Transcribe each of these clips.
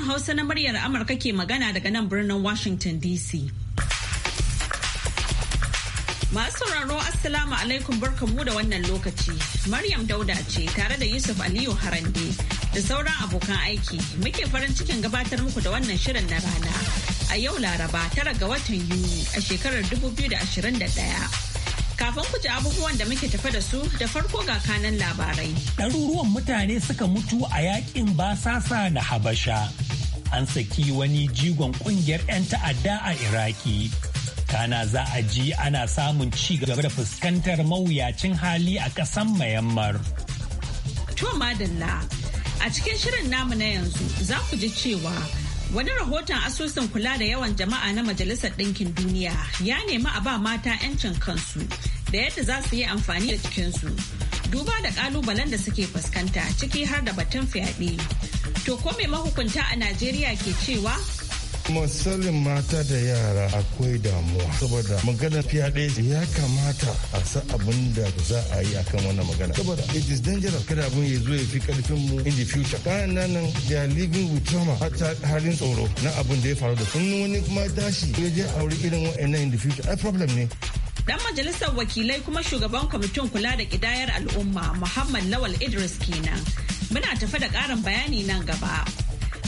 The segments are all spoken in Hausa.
Sashen Hausa na muryar Amurka ke magana daga nan birnin Washington DC. Masu sauraro Assalamu alaikum barkamu da wannan lokaci. Maryam Dauda ce tare da Yusuf Aliyu Harande da sauran abokan aiki muke farin cikin gabatar muku da wannan shirin na rana. A yau Laraba tara ga watan Yuni a shekarar 2021. Kafin ku ji abubuwan da muke tafe da su da farko ga kanan labarai. Ɗaruruwan mutane suka mutu a yakin basasa na Habasha. An saki wani jigon ƙungiyar 'yan ta'adda a Iraki. Kana za a ji ana samun ci gaba da fuskantar mawuyacin hali a ƙasan Mayammar. To madalla, a cikin shirin namu na yanzu za ku ji cewa Wani rahoton asusun kula da yawan jama'a na Majalisar Ɗinkin Duniya ya nemi a ba mata 'yancin kansu da yadda za su yi amfani da cikinsu. Duba da ƙalubalen da suke fuskanta ciki har da batun fyaɗe. To ko mai mahukunta a Najeriya ke cewa matsalin mata da yara akwai damuwa saboda magana fyaɗe ya kamata a sa abin da za a yi akan wannan magana saboda it is dangerous kada abin ya zo ya fi karfin mu in the future kayan nan nan they are living with trauma hatta halin tsoro na abin da ya faru da sun wani kuma tashi ya je aure irin wa'annan in the future a problem ne Dan majalisar wakilai kuma shugaban kwamitin kula da kidayar al'umma Muhammad Lawal Idris kenan. Muna tafi da ƙarin bayani nan gaba.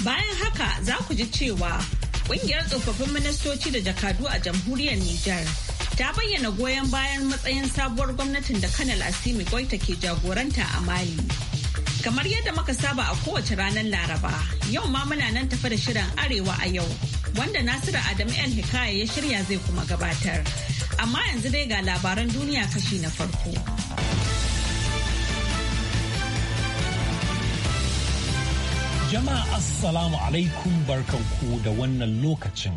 Bayan haka za ku ji cewa Kungiyar tsofaffin ministoci da jakadu a jamhuriyar Nijar ta bayyana goyon bayan matsayin sabuwar gwamnatin da Kanal Asimi Goita ke jagoranta a Mali. Kamar yadda muka saba a kowace ranar Laraba, yau ma muna nan tafi da shirin Arewa a yau, wanda Nasiru Adamu El Hikaya ya shirya zai kuma gabatar. Amma yanzu dai ga labaran duniya kashi na farko. Jama'a Assalamu alaikum barkanku da wannan lokacin.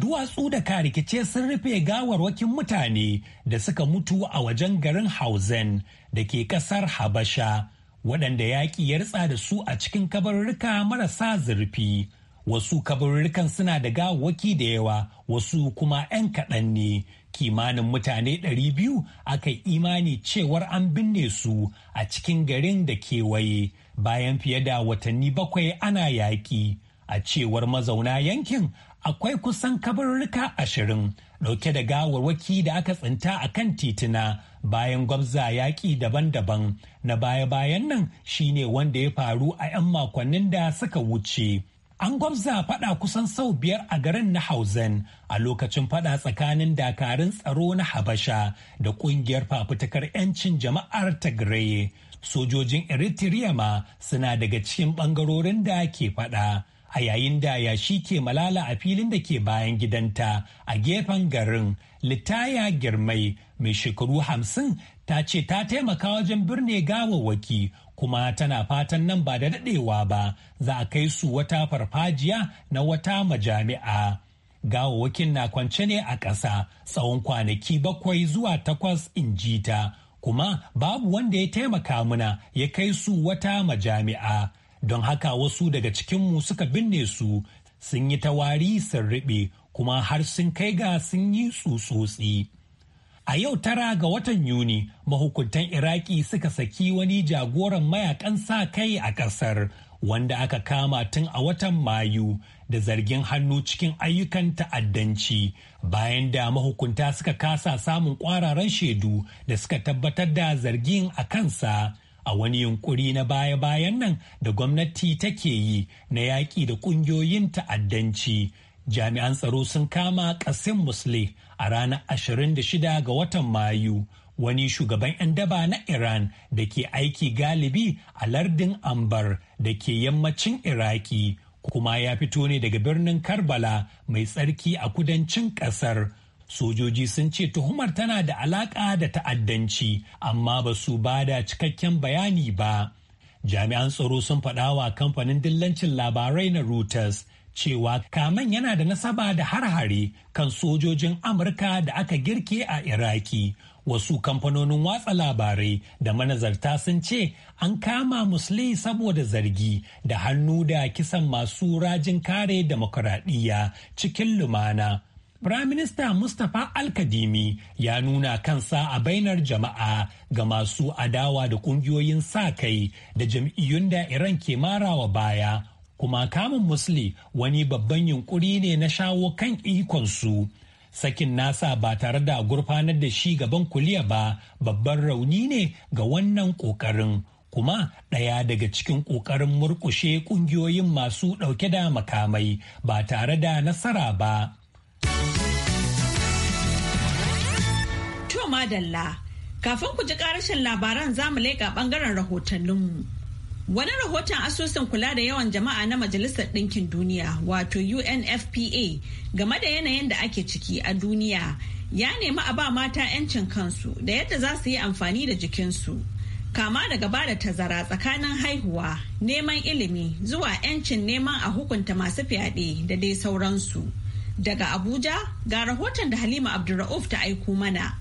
Duwatsu da ka rikice sun rufe gawarwakin mutane da suka mutu a wajen garin Hausen da ke kasar Habasha, waɗanda yaƙi ya ritsa da su a cikin kabarurruka marasa zurfi. Wasu kabarurrukan suna da gawaki da yawa, wasu kuma 'yan kaɗan ne. Kimanin mutane ɗari biyu aka imani cewar an binne su a cikin garin da kewaye. bayan fiye da watanni bakwai ana yaƙi a cewar mazauna yankin akwai kusan kabarurruka ashirin dauke da gawarwaki da aka tsinta a kan tituna bayan gwabza yaƙi daban-daban na baya-bayan nan shine wanda ya faru a 'yan makonnin da suka wuce. An gwabza fada kusan sau biyar a garin na Hausen a lokacin fada tsakanin dakarun tsaro na Habasha da kungiyar fafutukar 'yancin jama'ar tagraye sojojin eritrea ma suna daga cikin ɓangarorin da ke faɗa. a yayin da yashi ke malala a filin da ke bayan gidanta a gefen garin litaya girmai mai shekaru hamsin ta ce ta taimaka wajen birne gawawwaki kuma tana fatan nan ba da daɗewa ba za a kai su wata farfajiya na wata majami'a gawawwakin na kwance ne a ƙasa tsawon kwanaki bakwai zuwa takwas in ji ta kuma babu wanda ya taimaka muna ya kai su wata majami'a don haka wasu daga cikinmu suka binne su sun yi tawari sun riɓe kuma har sun kai ga sun yi tsutsotsi. A yau tara ga watan Yuni, mahukuntan Iraki suka saki wani jagoran mayakan sa kai a ƙasar wanda aka kama tun a watan mayu da zargin hannu cikin ayyukan ta'addanci bayan da mahukunta suka kasa samun kwararan shaidu da suka tabbatar da zargin a kansa a wani yunkuri na baya-bayan nan da gwamnati take yi na yaƙi da ƙungiyoyin ta'addanci jami'an tsaro sun kama ƙasin musle a ranar 26 ga watan mayu wani shugaban 'yan daba na Iran da ke aiki galibi a lardin Ambar da ke yammacin Iraki kuma ya fito ne daga birnin Karbala mai tsarki a kudancin ƙasar. Sojoji sun ce tuhumar tana da alaƙa da ta'addanci amma ba su ba da cikakken bayani ba. Jami'an tsaro sun faɗa wa kamfanin dillancin labarai na Reuters cewa kamen yana da nasaba da harhari kan sojojin Amurka da aka girke a Iraki. Wasu kamfanonin watsa labarai da manazarta sun ce an kama Musli saboda zargi da hannu da kisan masu rajin kare demokuraɗiyya cikin lumana. Firaminista Mustapha Alkadimi ya nuna kansa a bainar jama'a ga masu adawa da ƙungiyoyin sa-kai da jam'iyyun da Iran ke marawa baya, kuma kamun Musli wani babban yunkuri ne na shawo kan ikonsu. Sakin nasa ba tare da gurfanar da shi gaban kuliya ba babban rauni ne ga wannan ƙoƙarin. kuma ɗaya daga cikin ƙoƙarin murƙushe ƙungiyoyin masu ɗauke da makamai ba tare da nasara ba. To madalla, kafin ku ji karashin labaran za mu leƙa ɓangaren rahotanninmu. Wani rahoton asusun kula da yawan jama'a na Majalisar Ɗinkin Duniya wato UNFPA game da yanayin da ake ciki a duniya ya nemi a ba mata 'yancin kansu da yadda za su yi amfani da jikinsu. Kama daga ba da tazara tsakanin haihuwa, neman ilimi zuwa 'yancin neman a hukunta masu fyaɗe da dai sauransu. Daga Abuja ga rahoton da Halima Abdulra'uf ta aiko mana.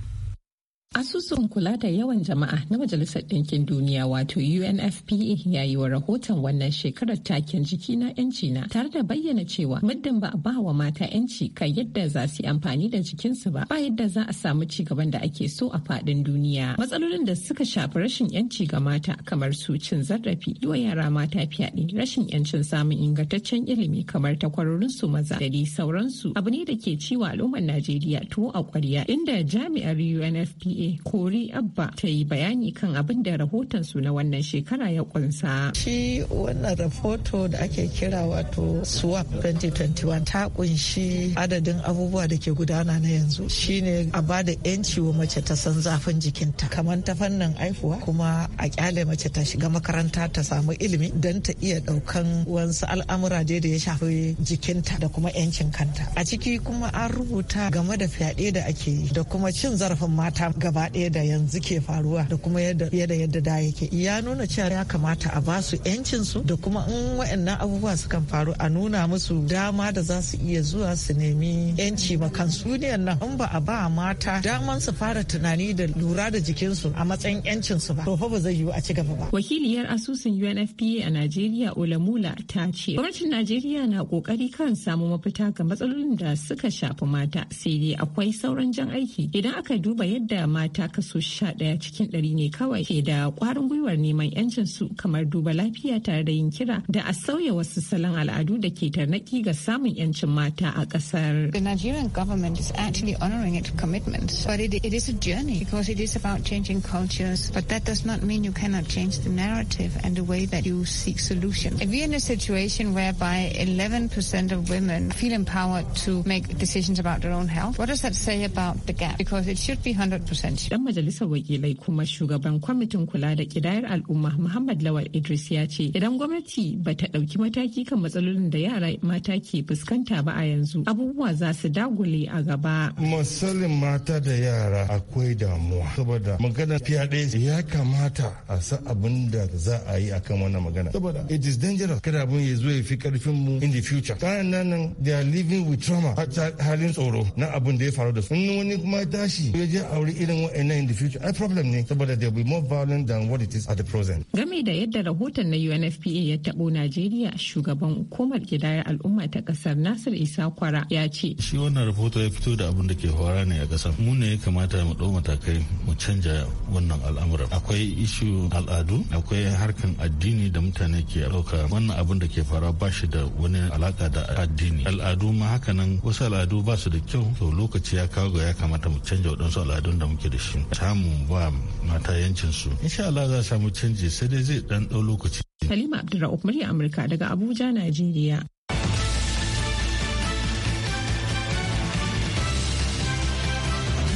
Asusun kula da yawan jama'a na Majalisar Ɗinkin Duniya wato UNFPA ya yi wa rahoton wannan shekarar taken jiki na yanci na tare da bayyana cewa muddin ba a ba wa mata yanci kan yadda za su yi amfani da jikinsu ba ba yadda za a samu ci gaban da ake so a faɗin duniya. Matsalolin da suka shafi rashin yanci ga mata kamar su cin zarrafi yiwa yara mata fyaɗe, rashin yancin samun ingantaccen ilimi kamar ta su maza da sauransu abu ne da ke ciwa al'ummar Najeriya tuwo a ƙwarya inda jami'ar UNFPA NTA Kori Abba ta yi bayani kan abin da rahoton su na wannan shekara ya kunsa. Shi wannan rahoto da ake kira wato SWAP 2021 ta kunshi adadin abubuwa da ke gudana na yanzu shine a ba da 'yanci wa mace ta san zafin jikinta kamar ta fannin aifuwa kuma a kyale mace ta shiga makaranta ta samu ilimi don ta iya daukan wasu al'amura da ya shafi jikinta da kuma 'yancin kanta a ciki kuma an rubuta game da fyaɗe da ake yi da kuma cin zarafin mata gaba ɗaya da yanzu ke faruwa da kuma yadda da yadda da yake ya nuna cewa ya kamata a ba su yancin su da kuma in waɗannan abubuwa sukan faru a nuna musu dama da za su iya zuwa su nemi yanci ma kan ne nan in ba a ba mata daman su fara tunani da lura da jikinsu a matsayin yancin su ba to fa ba zai yiwu a ci gaba ba wakiliyar asusun UNFPA a Najeriya Olamula ta ce gwamnatin Najeriya na kokari kan samu mafita ga matsalolin da suka shafi mata sai dai akwai sauran jan aiki idan aka duba yadda mata kaso sha ɗaya cikin ɗari ne kawai ke da ƙwarin gwiwar neman yancin su kamar duba lafiya tare da yin kira da a sauya wasu salon al'adu da ke ga samun yancin mata a ƙasar. The Nigerian government is actually honoring its commitments, but it, it is a journey because it is about changing cultures, but that does not mean you cannot change the narrative and the way that you seek solutions. If we're in a situation whereby 11% of women feel empowered to make decisions about their own health, what does that say about the gap? Because it should be 100%. Kent. Dan majalisar wakilai kuma shugaban kwamitin kula da kidayar al'umma Muhammad Lawal Idris ya ce idan gwamnati ba ta ɗauki mataki kan matsalolin da yara mata ke fuskanta ba a yanzu abubuwa za su dagule a gaba. Matsalin mata da yara akwai damuwa saboda magana fyaɗe ya kamata a sa abin da za a yi akan wannan magana saboda it is dangerous kada abin ya zo ya fi karfin mu in the future. Kayan nan they are living with trauma halin tsoro na abin da ya faru da su. Wani kuma tashi ya je aure irin irin wa'annan in the future ai problem ne saboda they will be more violent than what it is at the present. Game da yadda rahoton na UNFPA ya tabo Najeriya shugaban hukumar gidayar al'umma ta kasar Nasir Isa Kwara ya ce. Shi wannan rahoton ya fito da abin da ke hora ne a kasar. Mu ne ya kamata mu ɗau matakai mu canja wannan al'amuran. Akwai ishu al'adu, akwai harkan addini da mutane ke dauka wannan abin da ke fara ba shi da wani alaka da addini. Al'adu ma hakanan wasu al'adu ba su da kyau. To lokaci ya kawo ga ya kamata mu canja waɗansu al'adun da muke muke da shi samu ba mata yancin su insha Allah za samu canji sai dai zai dan dau lokaci Halima Abdulra'uf murya Amurka daga Abuja Najeriya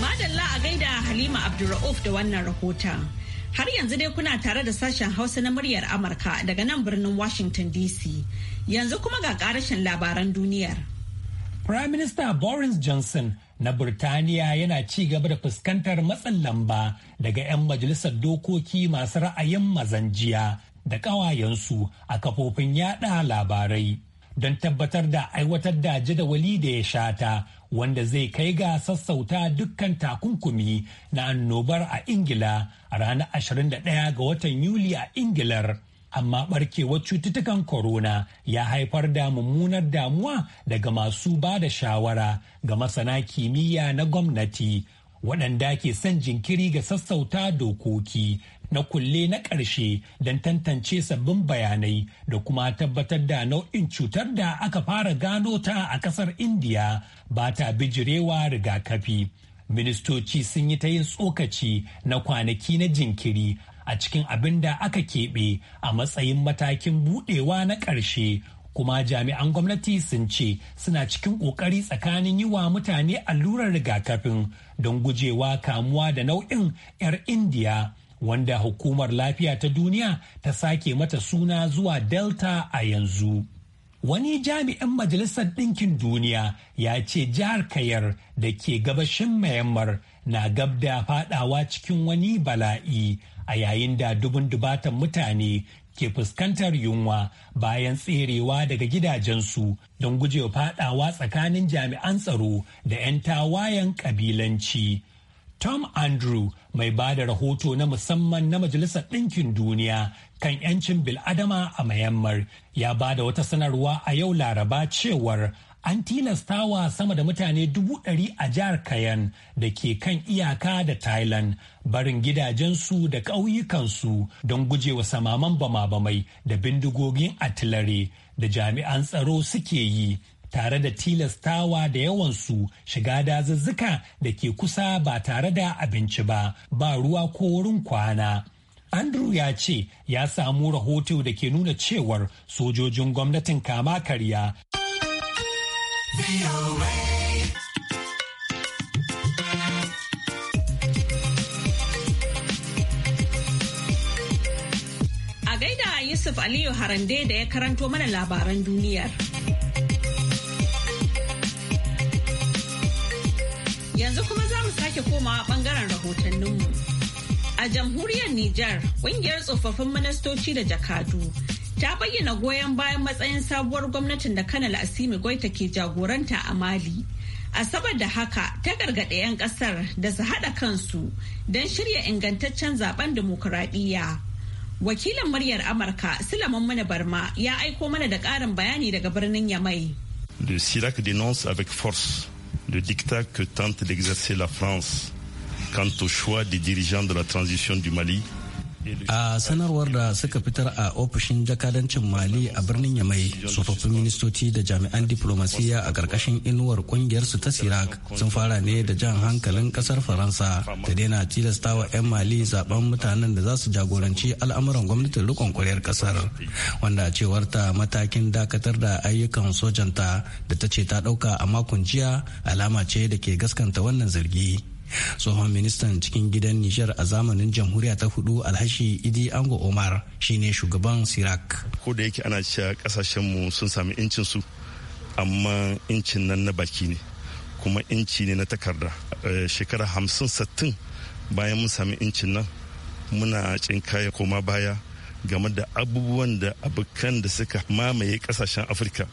Madalla a gaida Halima Abdulra'uf da wannan rahota, Har yanzu dai kuna tare da sashen Hausa na muryar Amurka daga nan birnin Washington DC. Yanzu kuma ga karashin labaran duniyar. Prime Minister Boris Johnson na Burtaniya yana ci gaba da fuskantar matsin lamba daga 'yan majalisar dokoki masu ra'ayin mazanjiya da ƙawayensu a kafofin yada labarai don tabbatar da aiwatar da jadawali da ya shata wanda zai kai ga sassauta dukkan takunkumi na annobar a Ingila a ranar 21 ga watan Yuli a Ingilar. amma barkewar cututtukan corona ya haifar da mummunar damuwa daga masu ba da shawara ga masana kimiyya na gwamnati waɗanda ke son jinkiri ga sassauta dokoki na kulle na ƙarshe don tantance sabbin bayanai da kuma tabbatar da nau'in cutar da aka fara gano ta a ƙasar indiya ba ta bijirewa rigakafi ministoci sun yi ta yin tsokaci na kwanaki na jinkiri a cikin abin da aka keɓe a matsayin matakin buɗewa na ƙarshe kuma jami'an gwamnati sun ce suna cikin ƙoƙari tsakanin yi wa mutane allurar rigakafin don gujewa kamuwa da nau'in 'yar indiya wanda hukumar lafiya ta duniya ta sake mata suna zuwa delta a yanzu wani jami'an majalisar ɗinkin duniya ya ce jihar kayar da ke gabashin mayammar na gab da fadawa cikin wani bala'i a yayin da dubun dubatan mutane ke fuskantar yunwa bayan tserewa daga gidajensu don gujewa fadawa tsakanin jami'an tsaro da 'yan tawayen kabilanci. Tom Andrew mai ba da rahoto na musamman na Majalisar Ɗinkin Duniya kan 'yancin bil'adama a Myanmar ya ba da wata sanarwa a yau Laraba cewar an tilastawa sama da mutane dubu ɗari a jihar Kayan da ke kan iyaka da Thailand barin gidajensu da ƙauyukansu don gujewa samaman bama-bamai da bindigogin atilare da jami'an tsaro suke yi tare da tilastawa da yawansu shiga dazuzzuka da ke kusa ba tare da abinci ba ba ruwa ko wurin kwana. Andrew ya ce ya samu rahoto da ke nuna cewar sojojin gwamnatin kama karya. A gaida Yusuf Aliyu Harande da ya karanto mana labaran duniyar. Yanzu kuma za mu sake komawa bangaren rahotanninmu. A jamhuriyar Nijar, ƙungiyar tsofaffin ministoci da jakadu ta bayyana goyon bayan matsayin sabuwar gwamnatin da kanal asimi goita ke jagoranta a mali a saboda haka ta gargaɗe 'yan ƙasar da su haɗa kansu don shirya ingantaccen zaben dimokuraɗiyya wakilin muryar amurka silaman mana barma ya aiko mana da ƙarin bayani daga birnin yamai le sirac dénonce avec force le dictat que tente d'exercer la france quant au choix des dirigeants de la transition du mali a sanarwar da suka fitar a ofishin jakadancin mali a birnin yamai tsofaffin ministoci da jami'an diplomasiya a ƙarƙashin inuwar ƙungiyarsu ta sirak sun fara ne da jan hankalin ƙasar faransa ta daina tilasta wa 'yan mali zaben mutanen da za su jagoranci al'amuran gwamnatin rikon ƙwaryar ƙasar wanda a cewar ta matakin dakatar da ayyukan sojanta da ta ce ta ɗauka a makon jiya alama ce da ke gaskanta wannan zargi tsohon ministan cikin gidan nijar a zamanin jamhuriya ta hudu alhashi idi ango omar shine shugaban sirak ko da yake ana cewa mu sun sami incin su amma incin nan na baki ne kuma inci ne na takarda eh, shekara hamsin sattin bayan mun sami incin nan muna cinkaya koma baya game da abubuwan da abokan da suka mamaye kasashen afirka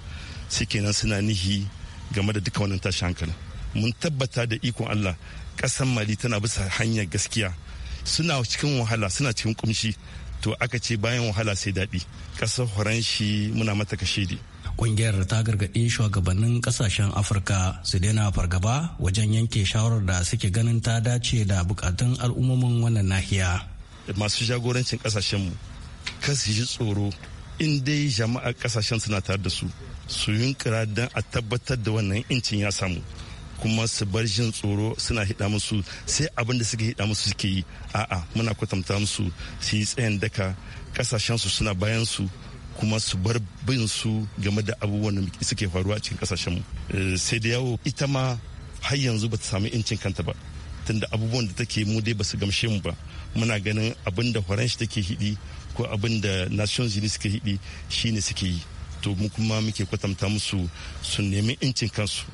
suke nan suna nihi game da duka wannan tashi hankali mun tabbata da ikon allah kasan mali tana bisa hanyar gaskiya suna cikin wahala suna cikin kumshi to aka ce bayan wahala sai daɗi ƙasar faranshi muna mata kashe di. kungiyar ta gargaɗi shugabannin kasashen afirka su daina fargaba wajen yanke shawarar da suke ganin ta dace da bukatun al'ummomin wannan nahiya masu jagorancin kasashenmu su ji tsoro in dai jama'a kasashen suna tare da su su yunkira don a tabbatar da wannan incin ya samu kuma su bar jin tsoro suna hida musu sai abin da suka hida musu suke yi a'a muna kwatanta musu su yi tsayin daka kasashen su suna bayan su kuma su bar bin su game da abubuwan da suke faruwa cikin kasashen mu eh, sai da yawo ita ma har yanzu ba ta samu incin kanta ba tunda abubuwan da take mu dai ba su gamshe mu ba muna ganin abin da shi take hidi ko abin da nations jini suke hidi shine suke yi to mu kuma muke kwatanta musu su nemi incin kansu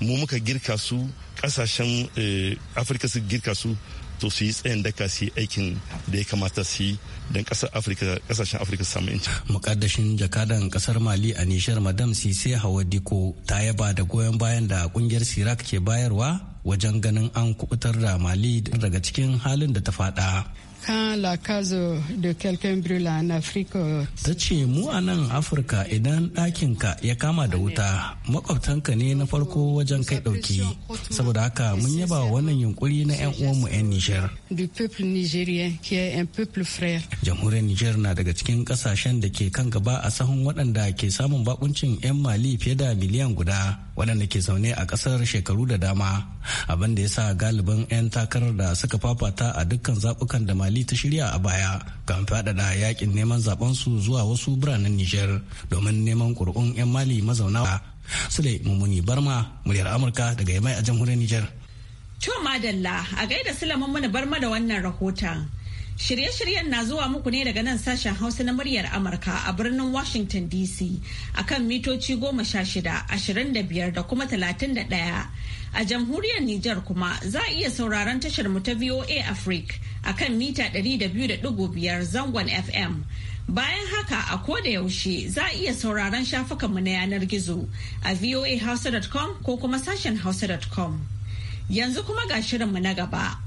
mu muka girka su kasashen eh, afirka su girka su to su yi tsayin daka su yi aikin da ya kamata su yi don kasashen afirka su samu inci. mukaddashin jakadan kasar mali a nishar madam sise hawa diko ta yaba da goyon bayan da kungiyar sirak ke bayarwa wajen ganin an kubutar da mali daga cikin halin da ta fada quand la case de quelqu'un brûle en Afrique. Ta ce mu a nan Afirka idan ɗakinka ya kama da wuta makwabtanka ne na farko wajen kai ɗauki. Saboda haka mun yaba wa wannan yunkuri na 'yan uwanmu 'yan Nijar. Du peuple nigérien qui est un peuple frère. Jamhuriyar Nijar na daga cikin ƙasashen da ke kan gaba a sahun waɗanda ke samun bakuncin 'yan Mali fiye da miliyan guda. waɗanda ke zaune a ƙasar shekaru da dama abin da ya sa galibin 'yan takarar da suka fafata a dukkan zaɓukan da mali ta shirya a baya kan faɗaɗa yakin neman zaɓensu zuwa wasu biranen nijar domin neman ƙuri'un 'yan mali mazauna sule mummuni barma muryar amurka daga yamai a jamhuriyar nijar. to madalla a gaida sule mana barma da wannan rahoton Shirye-shiryen na zuwa muku ne daga nan sashen Hausa na muryar Amurka a birnin Washington DC a kan mitoci goma sha shida, ashirin da biyar da kuma talatin da ɗaya. A jamhuriyar Nijar kuma za a iya sauraron tashar mu ta VOA Africa a kan mita ɗari da biyu da ɗigo biyar zangon FM. Bayan haka a koda yaushe za a iya sauraron shafukanmu na yanar gizo a voahausa.com ko kuma sashen hausa.com. Yanzu kuma ga shirinmu na gaba.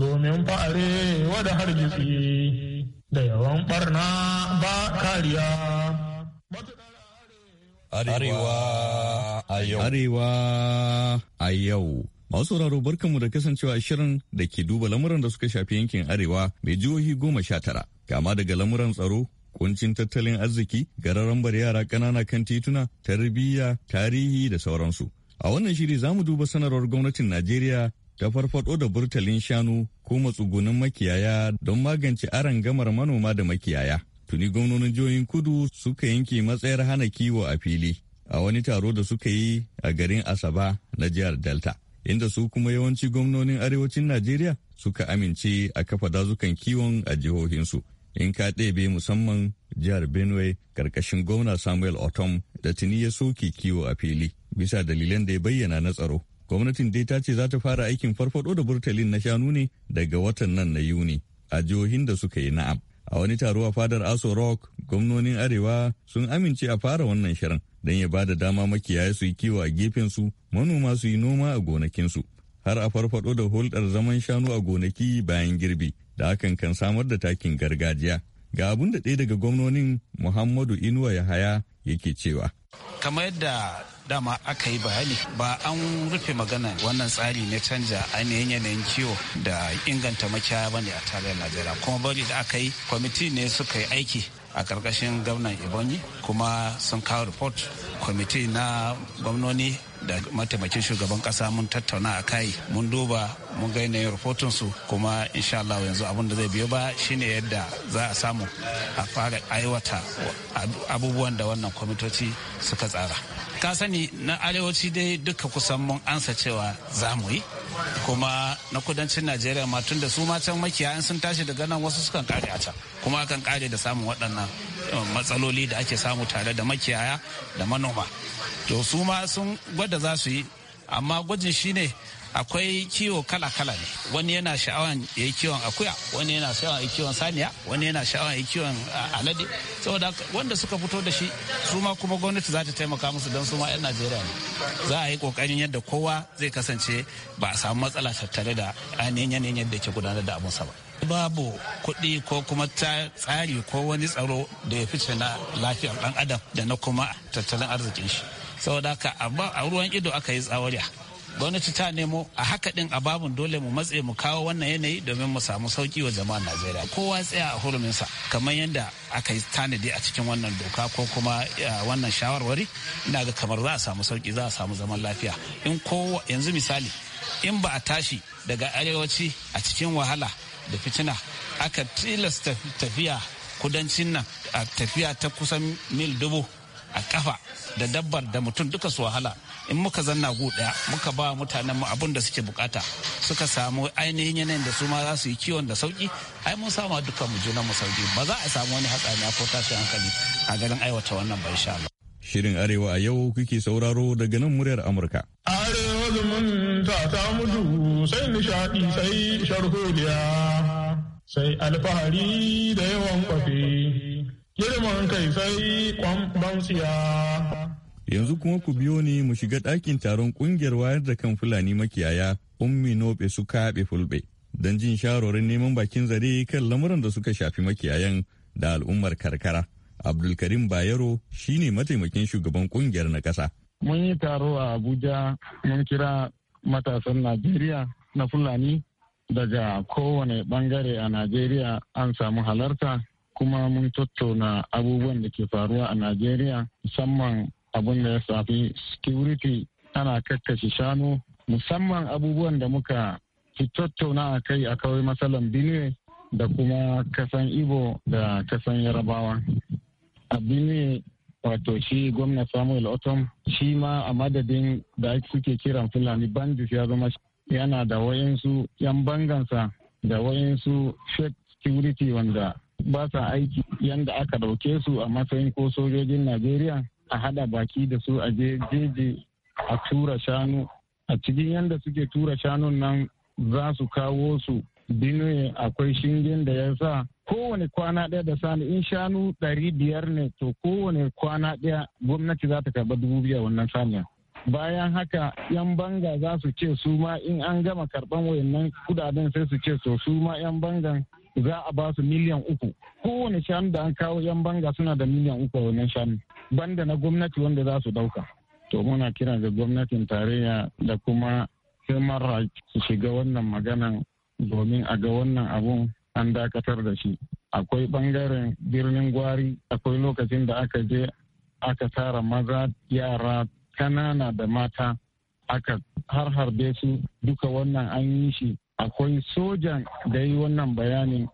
domin fa'are wada hargitsi da yawan barna ba kariya. Arewa a yau. Arewa a yau. Masu sauraro barkanmu da kasancewa shirin da ke duba lamuran da suka shafi yankin Arewa mai jihohi goma sha tara. Kama daga lamuran tsaro, kuncin tattalin arziki, gararan bar yara ƙanana kan tituna, tarbiyya, tarihi da sauransu. A wannan shiri za mu duba sanarwar gwamnatin Najeriya ta farfado da burtalin shanu ko matsugunan makiyaya don magance aron gamar manoma da makiyaya. Tuni gwamnonin jihohin kudu suka yanke matsayar hana kiwo a fili a wani taro da suka yi a garin Asaba na jihar Delta. Inda su kuma yawanci gwamnonin arewacin Najeriya suka amince a kafa dazukan kiwon a jihohinsu. in ka ɗebe musamman jihar benue karkashin gwamna samuel otom da tuni ya soke kiwo a fili bisa dalilan da ya bayyana na tsaro Gwamnatin dai ta ce za ta fara aikin farfado da burtalin na shanu ne daga watan nan na Yuni a jihohin da suka yi na'am. A wani taro a fadar Aso Rock, gwamnonin Arewa sun amince a fara wannan shirin don ya ba da dama makiyaya su yi kiwo a gefen su manoma su yi noma a gonakinsu. Har a farfado da hulɗar zaman shanu a gonaki bayan girbi, da hakan kan samar da takin gargajiya. Ga abun da ɗaya daga gwamnonin Muhammadu Inuwa Yahaya yake cewa. Kamar yadda dama aka yi bayani ba an rufe magana wannan tsari na canja ainihin yanayin kiwo da inganta makiyaya bane a tarayyar najeriya kuma bari da aka yi kwamiti ne suka yi aiki a karkashin gwamnan ibonyi kuma sun kawo report kwamiti na gwamnoni da mataimakin shugaban kasa mun tattauna a kai mun duba mun ga yanayin rahoton su kuma insha Allah yanzu abin da zai biyo ba shine yadda za a samu a fara aiwata abubuwan da wannan kwamitoci suka tsara ka sani na arewaci dai duka kusan mun ansa cewa za mu yi kuma na kudancin najeriya ma tun da su ma can makiyayan sun tashi daga nan wasu sukan kare a can kuma akan kare da samun waɗannan Eh, matsaloli da ake samu tare da makiyaya da manoma to su ma sun gwada za su yi amma gwajin shine akwai kiwo kala-kala ne wani yana sha'awan ya yi kiwon akuya wani yana sha'awan ya yi kiwon saniya wani yana sha'awan ya yi kiwon ah, alade saboda wanda suka fito da shi su ma kuma gwamnati za ta taimaka musu don su ma 'yan najeriya ne za a yi kokarin yadda kowa zai kasance ba a samu matsala tattare da ainihin yanayin yadda ke gudanar da abunsa ba babu kuɗi ko kuma tsari ko wani tsaro da ya fice na lafiyar ɗan adam da na kuma tattalin arzikin shi saboda haka a ruwan ido aka yi tsawariya gwamnati ta nemo a haka ɗin a babun dole mu matse mu kawo wannan yanayi domin mu samu sauki wa jama'ar najeriya kowa tsaya a huruminsa kamar yadda aka yi tanadi a cikin wannan doka ko kuma wannan shawarwari ina ga kamar za a samu sauki za a samu zaman lafiya in kowa yanzu misali in ba a tashi daga arewaci a cikin wahala da fitina aka tilasta tafiya kudancin nan a tafiya ta kusan mil dubu a kafa da dabbar da mutum duka su wahala in muka zanna gu daya muka ba mutanen mu abin da suke bukata suka samu ainihin yanayin da su ma za su yi kiwon da sauki ai mun sama duka mu juna mu sauki ba za a samu wani hatsari ko tashin hankali a garin aiwata wannan ba insha Allah shirin arewa a yau kuke sauraro daga nan muryar Amurka arewa zumunta ta mutu sai nishadi sai sharholiya sai alfahari da yawan kwafi. girman kai sai kwamban Yanzu kuma ku biyo ne mu shiga ɗakin taron ƙungiyar wayar da kan Fulani makiyaya Ummi Nobe su kaɓe fulɓe don jin shawarwarin neman bakin zare kan lamuran da suka shafi makiyayan da al'ummar karkara. Abdulkarim Bayero shi ne mataimakin shugaban ƙungiyar na ƙasa. Mun yi taro a Abuja mun kira matasan Najeriya na Fulani daga kowane bangare a najeriya an samu halarta kuma mun tattauna abubuwan da ke faruwa a najeriya musamman abin da ya shafi security ana kakkashi shanu musamman abubuwan da muka fi tattauna a kai a kawai matsalan benue da kuma kasan Igbo da kasan yarabawa a benue wato shi gwamna samuel otom shi ma a madadin da suke kiran fulani bandit ya zama yana da wayansu 'yan bangansa da wayansu fake security wanda ba sa aiki yadda aka dauke su a matsayin ko sojojin Najeriya a hada baki da su a jeje a tura shanu a cikin yadda suke tura shanun nan za su kawo su Benue akwai shingen da ya sa kowane kwana ɗaya da sani in shanu ɗari biyar ne to kowane kwana ɗaya gwamnati za ta karɓa dubu biyar wannan saniya. bayan haka yan banga za su ce su ma in an gama karban wayannan kudaden sai su ce to su ma yan bangan za a ba su miliyan uku kowane shanu da an kawo yan banga suna da miliyan uku a wannan shanu banda na gwamnati wanda za su dauka to muna kira ga gwamnatin tarayya da kuma human rights su shiga wannan maganan domin a ga wannan abun an dakatar da shi akwai bangaren birnin gwari akwai lokacin da aka je aka tara maza yara kanana da mata aka har harbe su duka wannan an yi shi akwai sojan da yi wannan bayanin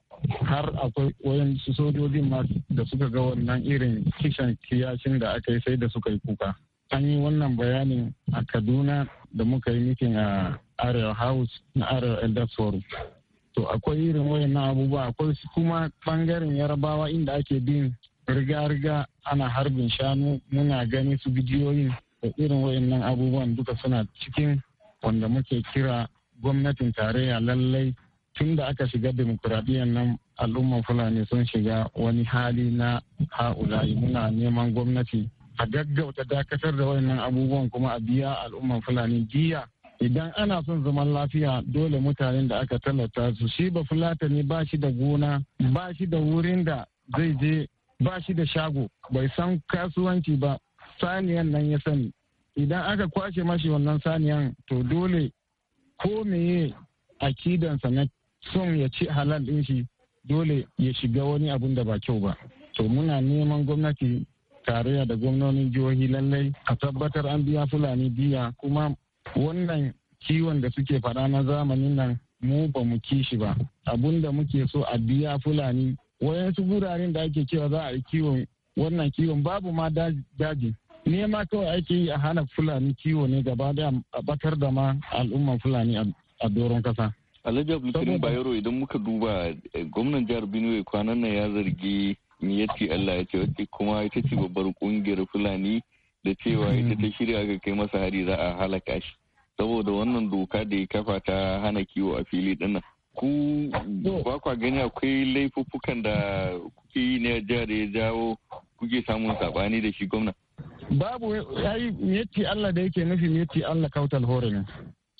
har akwai wayansu sojojin ma da suka ga wannan irin kishan kiyashin da aka yi sai da suka yi kuka an yi wannan bayanin a kaduna da muka yi mitin a arewa house na arewa elders forum to akwai irin wayannan abubuwa akwai kuma bangaren yarabawa inda ake bin riga-riga ana harbin shanu muna gani su bidiyoyin da irin wayannan abubuwan duka suna cikin wanda muke kira gwamnatin tarayya lallai tun da aka shiga demokuraɗiyyar nan al'umman fulani sun shiga wani hali na ha'ulayi muna neman gwamnati a gaggauta dakatar da wayannan abubuwan kuma a biya al'umman fulani jiya idan ana son zaman lafiya dole mutanen da aka tallata su shi ba fulatani ba shi da gona ba shi da wurin da zai je ba shi da shago bai san kasuwanci ba saniyan nan ya sani idan aka kwashe mashi wannan saniyan to dole ko meye akidansa na son ya ci halal din shi dole ya shiga wani abun da ba kyau ba to muna neman gwamnati tarayya da gwamnonin jihohi lallai a tabbatar an biya fulani biya kuma wannan kiwon da suke faɗa na zamanin nan mu ba mu kishi ba abun da muke so a biya fulani wayansu guraren da ake cewa za a yi kiwon wannan kiwon babu ma daji nema kawai ake yi a hana fulani kiwo ne gaba da a batar da ma al'umman fulani a doron kasa alhaji abdulkarim bayero idan muka duba eh, gwamnan jihar benue kwanan nan ya zargi niyyati allah ya ce wace kuma ita ce babbar kungiyar fulani da cewa ita ta shirya ga kai masa hari za a halaka shi saboda wannan doka da ya kafa ta hana kiwo a fili dinnan ku ba kwa gani akwai laifuffukan da kuke yi ne a jihar ya jawo kuke samun sabani da shi gwamnan babu ai yace Allah da yake nufi yace Allah kautal horin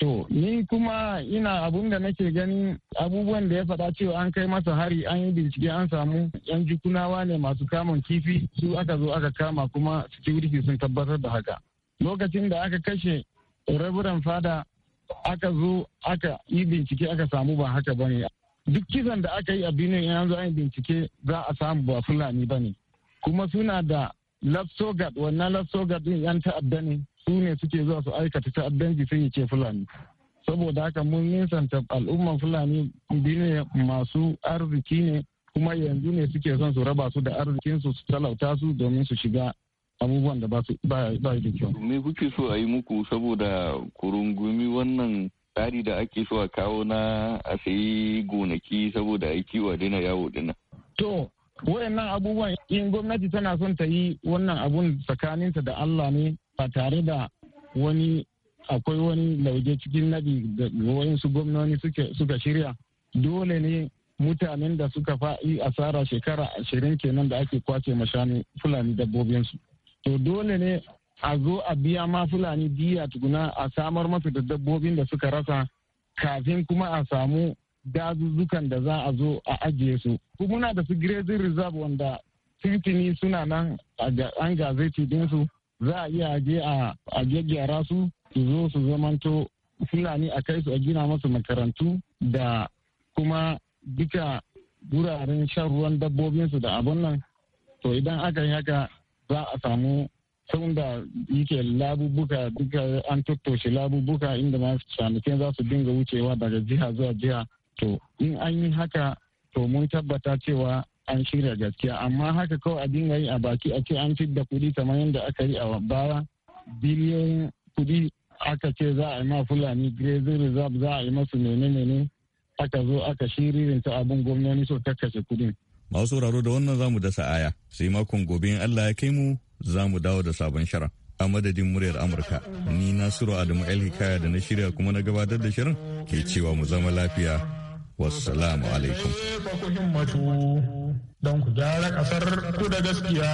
to ni kuma ina abun da nake ganin abubuwan da ya faɗa cewa an kai masa hari an yi bincike an samu yan jikunawa ne masu kamun kifi su aka zo aka kama kuma security sun tabbatar da haka lokacin da aka kashe raburan fada aka zo aka yi bincike aka samu ba haka ba ne. duk kisan da aka yi a binin yanzu an yi bincike za a samu ba fulani bane kuma suna da lafsogad wannan lafsogad din yan ta'adda ne su ne suke zuwa su aikata ta'addan sai ya fulani saboda haka mun nisanta al'umman fulani bine masu arziki ne kuma yanzu ne suke son su raba su da arzikin su talauta su domin su shiga abubuwan da ba da kyau. Me kuke so a yi muku saboda kurungumi wannan tsari da ake so a kawo na a sayi gonaki saboda aiki kiwo yawo dina To, wayannan abubuwan in gwamnati tana son ta yi wannan abun tsakaninsa da Allah ne ba tare da wani akwai wani lauje cikin nabi da gwamnati gwamnoni suka shirya dole ne mutanen da suka fa'i asara shekara ashirin kenan da ake kwace mashani fulani dabbobinsu to dole ne a zo a biya ma fulani diya tukuna a samar masa da dabbobin da suka rasa kafin kuma a samu dazuzzukan da za a zo a ajiye su kuma muna da su grazing reserve wanda tintini suna nan an gazeti dinsu za a iya aje a gyaggyara su su zo su zamanto fulani a kai su a gina masu makarantu da kuma duka wuraren shan ruwan dabbobinsu da abun nan to idan aka yi haka za a samu sun da yake labubuka duka an tattoshe labubuka inda masu shanukin za su dinga wucewa daga jiha zuwa jiha to in an yi haka to mun tabbata cewa an shirya gaskiya amma haka kawai a dinga yi a baki a ce an da kuɗi kamar yadda aka yi a baya biliyoyin kuɗi aka ce za a yi ma fulani grazing reserve za a yi masu menene aka zo aka shiririn ta abin gwamnoni so ta kashe kuɗin. masu sauraro da wannan zamu dasa aya sai makon gobe in Allah ya kai mu zamu dawo da sabon shara a madadin muryar amurka ni nasiru adamu el hikaya da na shirya kuma na gabatar da shirin ke cewa mu zama lafiya wassalamu alaikum eh, ku himmatu don ku gyara kasar ku da gaskiya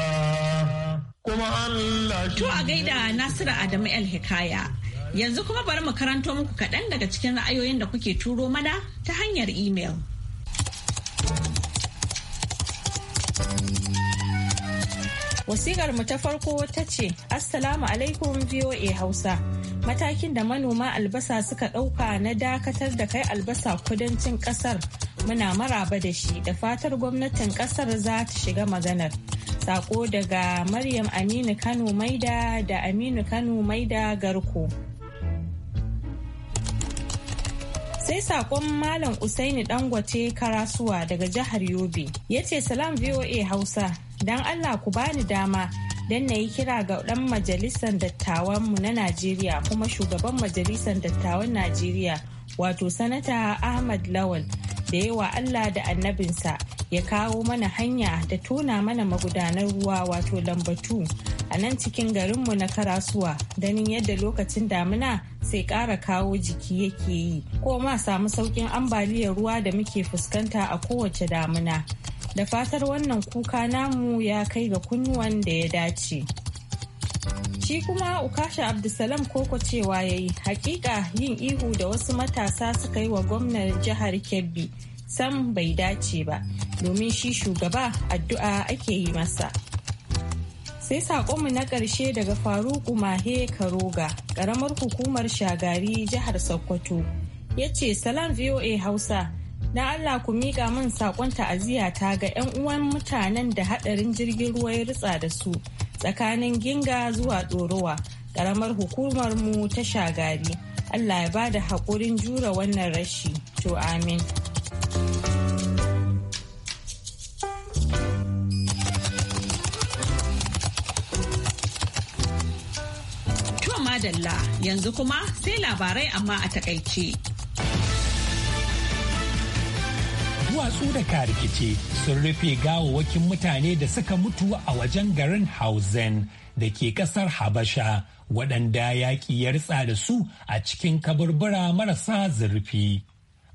kuma Allah to a gaida Nasiru Adamu El Hikaya yanzu kuma bari mu karanto muku kaɗan daga cikin ra'ayoyin da kuke turo mana ta hanyar imel. Wasiƙar mu ta farko ta ce, Assalamu alaikum VOA Hausa. Matakin da manoma albasa suka ɗauka na dakatar da kai albasa kudancin ƙasar muna maraba da shi da fatar gwamnatin ƙasar za ta shiga maganar. Sako daga Maryam Aminu Kano Maida da Aminu Kano Maida Garko. sai sakon malam usaini dangote karasuwa daga jihar yobe ya ce salam voa hausa don allah ku bani dama don na yi kira ga dan majalisar dattawanmu na najeriya kuma shugaban majalisar dattawan najeriya wato sanata ahmad lawal da yawa allah da annabinsa ya kawo mana hanya da tona mana magudanar ruwa wato lambatu a nan cikin garinmu na karasuwa ganin yadda lokacin damina sai ƙara kawo jiki yake yi ko ma samu sauƙin ambaliyar ruwa da muke fuskanta a kowace damina da fatar wannan kuka namu ya kai ga kunnuwan da ya dace shi kuma ukasha abdulsalam koko cewa ya yi hakika yin ihu da wasu matasa suka yi wa gwamnan jihar kebbi sam bai dace ba domin shi shugaba addu'a ake yi masa sai saƙonmu na ƙarshe daga faruku mahe karoga ƙaramar hukumar shagari jihar sokoto ya ce salam voa hausa na Allah ku miƙa min saƙon ta'aziyya ta ga 'yan uwan mutanen da haɗarin jirgin ruwa ya ritsa da su tsakanin ginga zuwa ɗorowa ƙaramar hukumar mu ta shagari Allah ya ba da haƙurin jura wannan rashi to amin. Madalla yanzu kuma sai labarai amma a takaice. su da karikice sun rufe gawawwakin mutane da suka mutu a wajen garin hausen da ke kasar habasha waɗanda yaƙi ya ritsa da su a cikin kaburbura marasa zurfi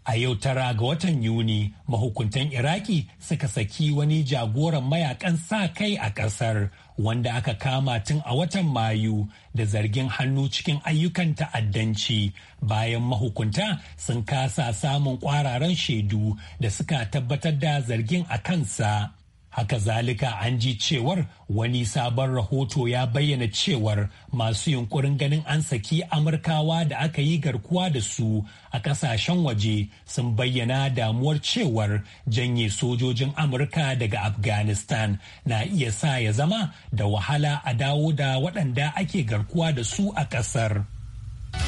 A yau tara ga watan Yuni, mahukuntan Iraki suka saki wani jagoran mayakan sa kai a ƙasar wanda aka kama tun a watan Mayu da zargin hannu cikin ayyukan ta'addanci bayan mahukunta sun kasa samun ƙwararan shaidu da suka tabbatar da zargin a kansa. Haka zalika an ji cewar wani sabon rahoto ya bayyana cewar masu yunkurin ganin an saki Amurkawa da aka yi garkuwa da su a kasashen waje sun bayyana damuwar cewar janye sojojin Amurka daga Afghanistan na iya sa ya zama da wahala a dawo da waɗanda ake garkuwa da su a ƙasar.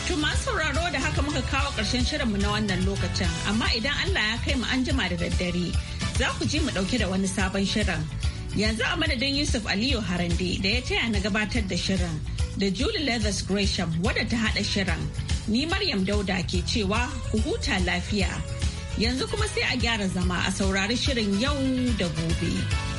To masu sauraro da haka muka kawo ƙarshen shirinmu na wannan lokacin, amma idan Allah ya kai mu an jima da daddare. za ku ji mu ɗauke da wani sabon shirin. Yanzu a madadin Yusuf Aliyu Harande da ya taya na gabatar da shirin da Julie Leathers Gresham wadda ta haɗa shirin. Ni Maryam Dauda ke cewa ku huta lafiya. Yanzu kuma sai a gyara zama a saurari shirin yau da gobe.